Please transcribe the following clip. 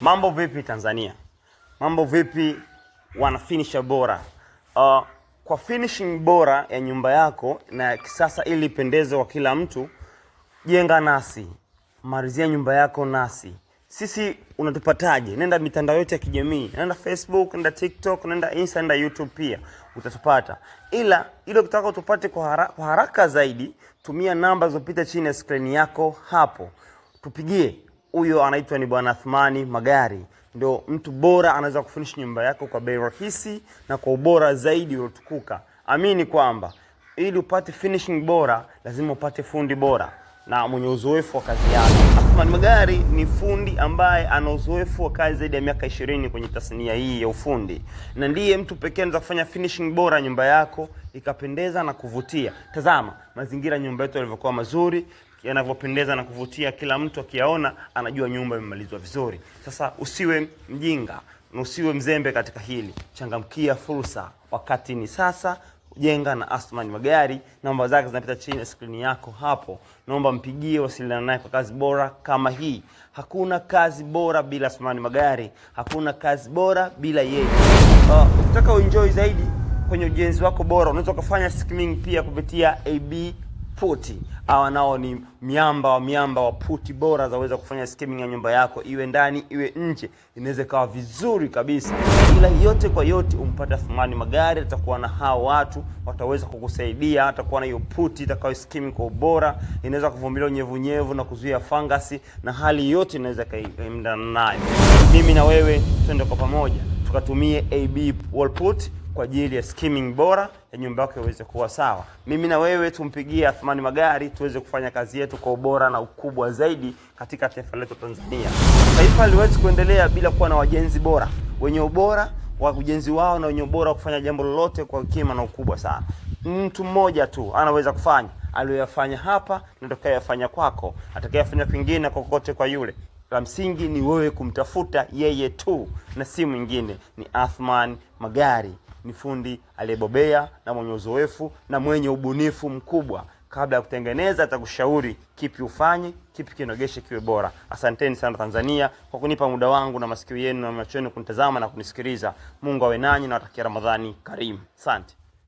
Mambo vipi Tanzania? Mambo vipi wana finisher bora? Uh, kwa finishing bora ya nyumba yako na ya kisasa ili ipendeze kwa kila mtu, jenga nasi. Marizia nyumba yako nasi. Sisi unatupataje? Nenda mitandao yote ya kijamii. Nenda Facebook, nenda TikTok, nenda Insta, nenda YouTube pia utatupata. Ila ile ukitaka utupate kwa, hara, kwa haraka zaidi, tumia namba zilizopita chini ya screen yako hapo. Tupigie huyo anaitwa ni Bwana Athmani Magari, ndio mtu bora anaweza kufinish nyumba yako kwa bei rahisi na kwa ubora zaidi uliotukuka. Amini kwamba ili upate finishing bora lazima upate fundi bora na mwenye uzoefu wa kazi yake. Athmani Magari ni fundi ambaye ana uzoefu wa kazi zaidi ya miaka ishirini kwenye tasnia hii ya ufundi, na ndiye mtu pekee anaweza kufanya finishing bora nyumba yako ikapendeza na kuvutia. Tazama mazingira nyumba yetu yalivyokuwa mazuri, yanavyopendeza na kuvutia, kila mtu akiyaona anajua nyumba imemalizwa vizuri. Sasa usiwe mjinga na usiwe mzembe katika hili, changamkia fursa, wakati ni sasa. Jenga na Asmani Magari, namba zake zinapita chini ya skrini yako hapo. Naomba mpigie, wasiliana naye kwa kazi bora kama hii. Hakuna kazi bora bila Asmani Magari, hakuna kazi bora bila yeye. Ah, ukitaka uh, uenjoy zaidi kwenye ujenzi wako bora, unaweza ukafanya skimming pia kupitia AB puti. awa nao ni miamba wa miamba wa puti bora zaweza kufanya skimming ya nyumba yako, iwe ndani iwe nje, inaweza ikawa vizuri kabisa. Ila yote kwa yote, umpata Athumani Magari atakuwa na hao watu, wataweza kukusaidia. Atakuwa na hiyo puti itakawa skimming kwa ubora, inaweza kuvumilia unyevunyevu na kuzuia fangasi, na hali yote inaweza kaendana nayo. Mimi na wewe twende kwa pamoja tukatumie AB wallput kwa ajili ya skimming bora ya nyumba yako iweze kuwa sawa. Mimi na wewe tumpigie Athmani Magari tuweze kufanya kazi yetu kwa ubora na ukubwa zaidi katika taifa letu Tanzania. Taifa haliwezi kuendelea bila kuwa na wajenzi bora wenye ubora wa ujenzi wao na wenye ubora wa kufanya jambo lolote kwa hekima na ukubwa sana. Mtu mmoja tu anaweza kufanya aliyoyafanya hapa na atakayofanya kwako, atakayofanya kwingine, na kokote kwa yule. La msingi ni wewe kumtafuta yeye tu na si mwingine, ni Athman Magari ni fundi aliyebobea na mwenye uzoefu na mwenye ubunifu mkubwa. Kabla ya kutengeneza, atakushauri kipi ufanye, kipi kinogeshe kiwe bora. Asanteni sana Tanzania kwa kunipa muda wangu na masikio yenu na macho yenu kunitazama na kunisikiliza. Mungu awe nanyi na watakia Ramadhani karimu. Asante.